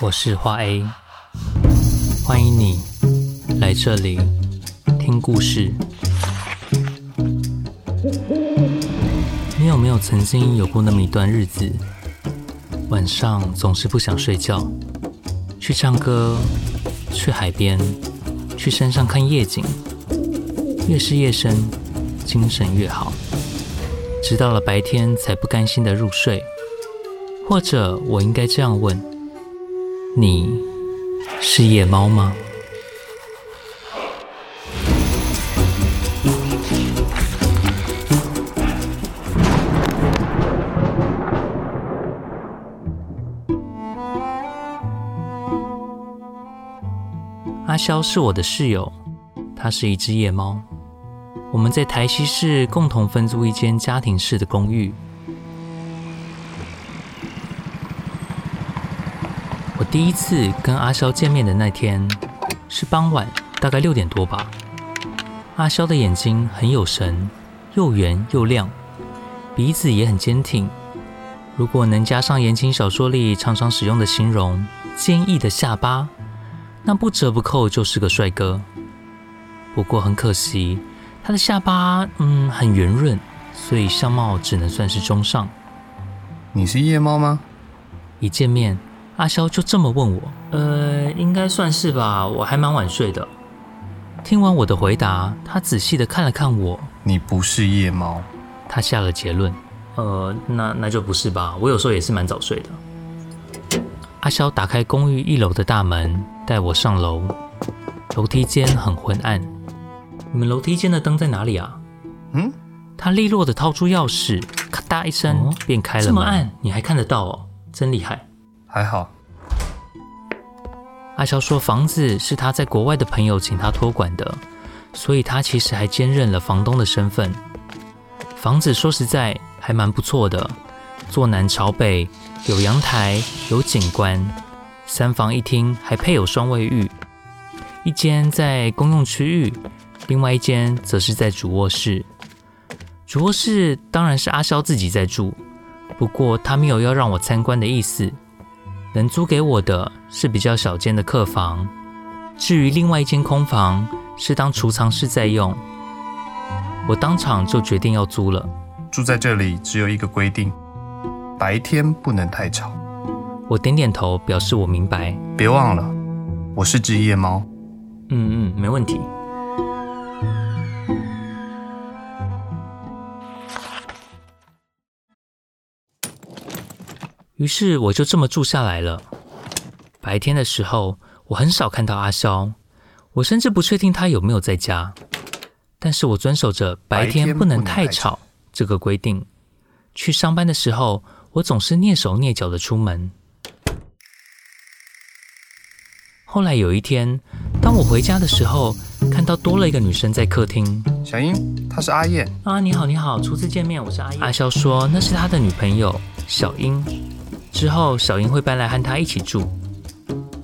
我是花 A，歡迎你來這裡聽故事。你有沒有曾經有過那麼一段日子，晚上總是不想睡覺，去唱歌，去海邊，去山上看夜景，越是夜深，精神越好，直到了白天才不甘心的入睡。或者，我應該這樣問。你是夜貓嗎？阿、嗯、蕭、啊、是我的室友，他是一隻夜貓。我們在台西市共同分租一間家庭式的公寓。第一次跟阿蕭見面的那天是傍晚，大概六點多吧。阿蕭的眼睛很有神，又圓又亮，鼻子也很堅挺。如果能加上言情小說裡常常使用的形容“堅毅的下巴”，那不折不扣就是個帥哥。不過很可惜，他的下巴嗯很圓潤，所以相貌只能算是中上。你是夜貓嗎？一見面。阿肖就這麼問我：“呃，應該算是吧，我還蠻晚睡的。”聽完我的回答，他仔細的看了看我：“你不是夜貓。”他下了結論：“呃，那那就不是吧，我有時候也是蠻早睡的。”阿肖打開公寓一樓的大門，帶我上樓。樓梯間很昏暗， 你們樓梯間的燈在哪裡啊？嗯？他利落的掏出鑰匙，咔嗒一聲、嗯、便開了。這麼暗，你還看得到哦，真厲害。還好，阿蕭說房子是他在國外的朋友請他託管的，所以他其實還兼任了房東的身份。房子說實在還蠻不錯的，坐南朝北，有陽台，有景觀，三房一廳還配有雙衛浴，一間在公用區域，另外一間則是在主臥室。主臥室當然是阿蕭自己在住，不過他沒有要讓我參觀的意思。能租給我的是比較小間的客房，至於另外一間空房是當儲藏室在用，我當場就決定要租了。住在這裡只有一個規定，白天不能太吵。我點點頭表示我明白。別忘了，我是隻夜貓。嗯嗯，沒問題。於是我就這麼住下來了。白天的時候，我很少看到阿蕭，我甚至不確定他有沒有在家。但是我遵守着白天不能太吵這個規定。去上班的時候，我總是躡手躡腳的出門。後來有一天，當我回家的時候，看到多了一個女生在客廳。小英，她是阿燕。啊，你好，你好，初次見面，我是阿燕。阿蕭說那是他的女朋友小英。之後，小英會搬來和他一起住。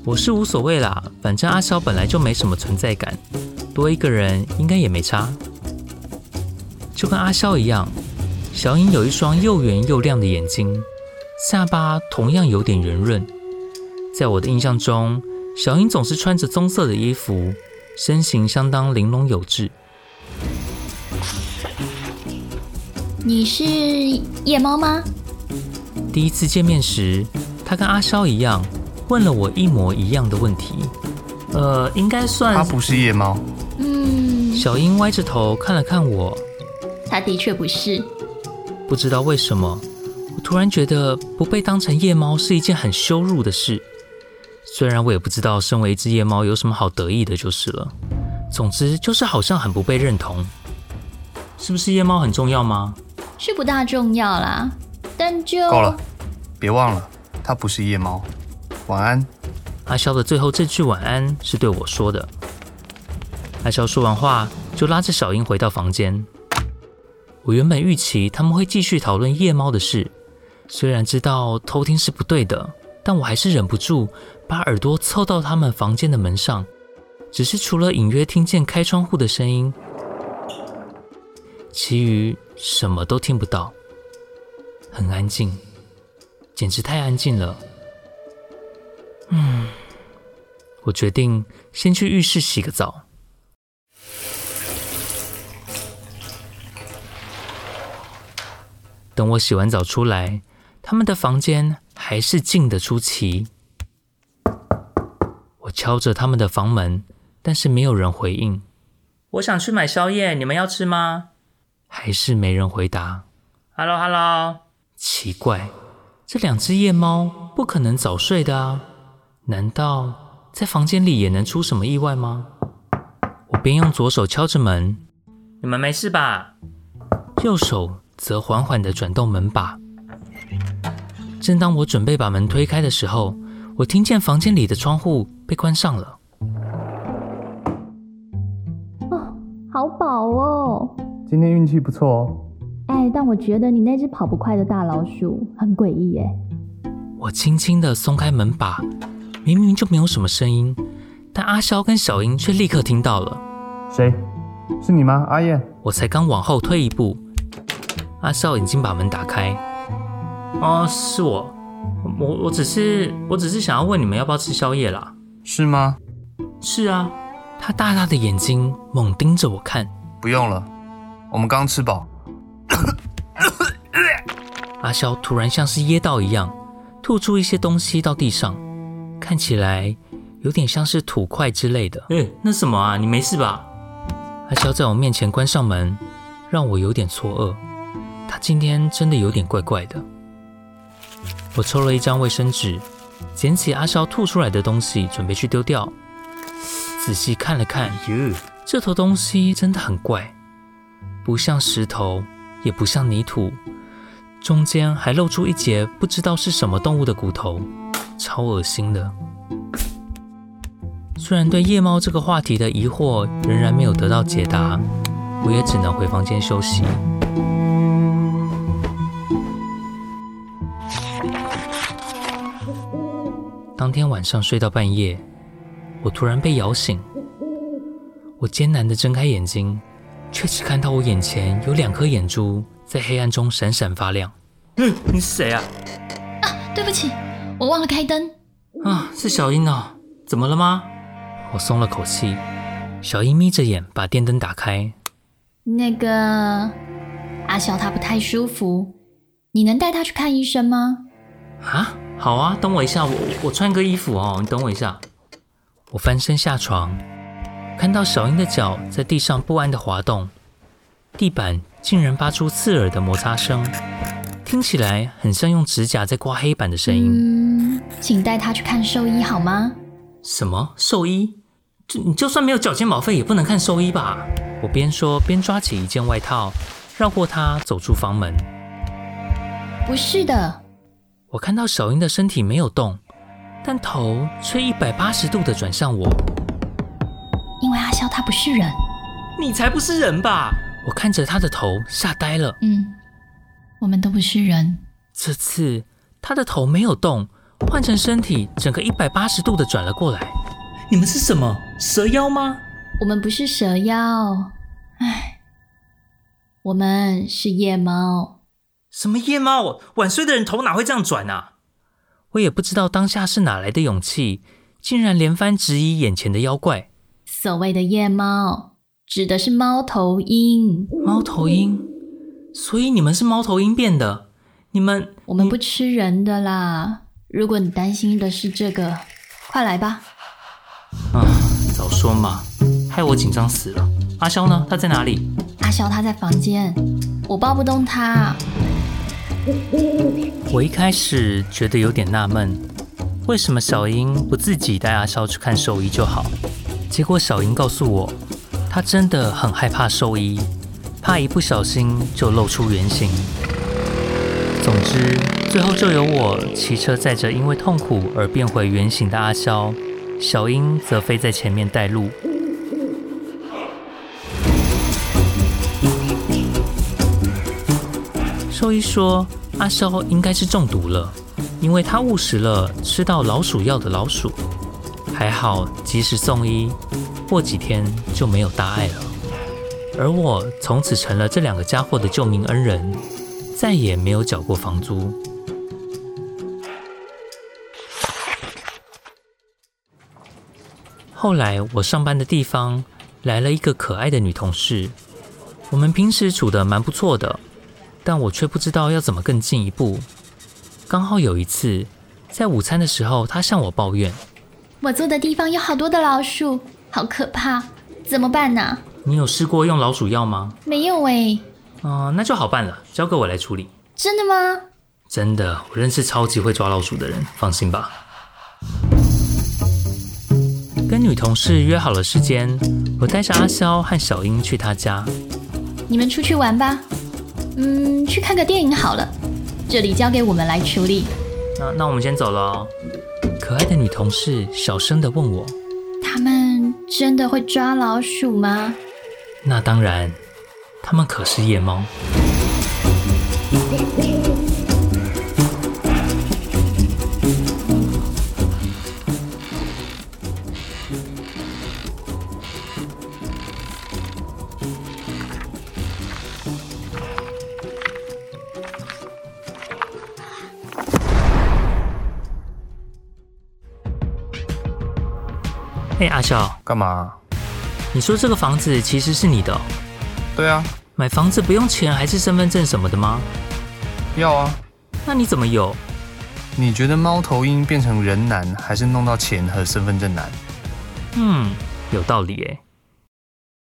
我是無所謂啦，反正阿蕭本來就沒什麼存在感，多一個人應該也沒差。就跟阿蕭一樣，小英有一雙又圓又亮的眼睛，下巴同樣有點圓潤。在我的印象中，小英總是穿着棕色的衣服，身形相當玲瓏有致。你是夜貓嗎？第一次見面時，他跟阿肖一樣，問了我一模一樣的問題。呃，應該算他不是夜貓。嗯。小英歪着頭看了看我。他的確不是。不知道為什麼，我突然覺得不被當成夜貓是一件很羞辱的事。雖然我也不知道身為一隻夜貓有什麼好得意的，就是了。總之就是好像很不被認同。是不是夜貓很重要嗎？是不大重要啦。但就。夠了，別忘了，他不是夜貓。晚安。阿肖的最後這句晚安是對我說的。阿肖說完話，就拉着小英回到房間。我原本預期他們會繼續討論夜貓的事，雖然知道偷聽是不對的，但我還是忍不住把耳朵湊到他們房間的門上。只是除了隱約聽見開窗戶的聲音，其餘什麼都聽不到。很安靜，簡直太安靜了。嗯，我決定先去浴室洗個澡。等我洗完澡出來，他們的房間還是靜得出奇。我敲着他們的房門，但是沒有人回應。我想去買宵夜，你們要吃嗎？還是沒人回答。Hello，Hello hello。奇怪，這兩隻夜貓不可能早睡的啊！難道在房間裡也能出什麼意外嗎？我邊用左手敲着門你們沒事吧？右手則緩緩地轉動門把。正當我準備把門推開的時候，我聽見房間裡的窗戶被關上了。哦，好飽哦！今天運氣不錯哦。哎、欸，但我覺得你那隻跑不快的大老鼠很詭異耶。我輕輕的鬆開門把，明明就沒有什麼聲音，但阿肖跟小英卻立刻聽到了。誰？是你嗎，阿燕？我才剛往後退一步，阿肖已經把門打開。哦，是我。我我只是我只是想要問你們要不要吃宵夜啦。是嗎？是啊。他大大的眼睛猛盯着我看。不用了，我們剛吃飽。 阿蕭突然像是噎到一樣，吐出一些東西到地上，看起來有點像是土塊之類的。欸，那什麼啊？你沒事吧？阿蕭在我面前關上門，讓我有點錯愕。他今天真的有點怪怪的。我抽了一張衛生紙，撿起阿蕭吐出來的東西，準備去丟掉。仔細看了看，這坨東西真的很怪，不像石頭，也不像泥土，中間還露出一節不知道是什麼動物的骨頭，超惡心的。雖然對夜貓這個話題的疑惑仍然沒有得到解答，我也只能回房間休息。當天晚上睡到半夜，我突然被咬醒，我艱難的睜開眼睛。卻只看到我眼前有兩顆眼珠在黑暗中閃閃發亮。嗯，你是誰啊？啊，對不起，我忘了開燈。啊，是小英哦，怎麼了嗎？我鬆了口氣。小英眯着眼把電燈打開。那個阿蕭他不太舒服，你能帶他去看醫生嗎？啊，好啊，等我一下，我我穿個衣服哦，你等我一下。我翻身下床。看到小英的腳在地上不安地滑動，地板竟然發出刺耳的摩擦聲，聽起來很像用指甲在刮黑板的聲音。嗯，請帶他去看獸醫好嗎？什麼獸醫？就你就算沒有繳健保費也不能看獸醫吧？我邊說邊抓起一件外套，繞過他走出房門。不是的，我看到小英的身體沒有動，但頭卻一百八十度地轉向我。他不是人，你才不是人吧？我看着他的頭，嚇呆了。嗯，我們都不是人。這次他的頭沒有動，換成身體，整個一百八十度的轉了過來。你們是什麼蛇妖嗎？我們不是蛇妖，唉，我們是夜貓。什麼夜貓？晚睡的人頭哪會這樣轉啊？我也不知道當下是哪來的勇氣，竟然連番質疑眼前的妖怪。所謂的夜貓，指的是貓頭鷹。貓頭鷹，所以你們是貓頭鷹變的？你們？你我們不吃人的啦。如果你擔心的是這個，快來吧。啊，早說嘛，害我緊張死了。阿肖呢？他在哪裡？阿肖他在房間，我抱不動他。我一開始覺得有點納悶，為什麼小英不自己帶阿肖去看獸醫就好？結果小英告訴我，她真的很害怕獸醫，怕一不小心就露出原形。總之，最後就由我騎車載着因為痛苦而變回原形的阿蕭，小英則飛在前面帶路。嗯，獸醫說，阿蕭應該是中毒了，因為他誤食了吃到老鼠藥的老鼠。還好，及時送醫，過幾天就沒有大礙了。而我從此成了這兩個傢伙的救命恩人，再也沒有繳過房租。後來，我上班的地方來了一個可愛的女同事，我們平時處得蠻不錯的，但我卻不知道要怎麼更進一步。剛好有一次在午餐的時候，她向我抱怨。我坐的地方有好多的老鼠，好可怕，怎麼辦呢、啊？你有試過用老鼠藥嗎？沒有哎、欸。哦、呃，那就好辦了，交給我來處理。真的嗎？真的，我認識超級會抓老鼠的人，放心吧。跟女同事約好了時間，我帶上阿肖和小英去她家。你們出去玩吧，嗯，去看個電影好了，這裡交給我們來處理。那、啊、那我們先走了。可愛的女同事小聲地問我：“他們真的會抓老鼠嗎？”那當然，他們可是夜貓。哎、欸，阿笑，幹嘛？你說這個房子其實是你的，哦？對啊，買房子不用錢還是身份證什麼的嗎？要啊。那你怎麼有？你覺得貓頭鷹變成人難，還是弄到錢和身份證難？嗯，有道理誒。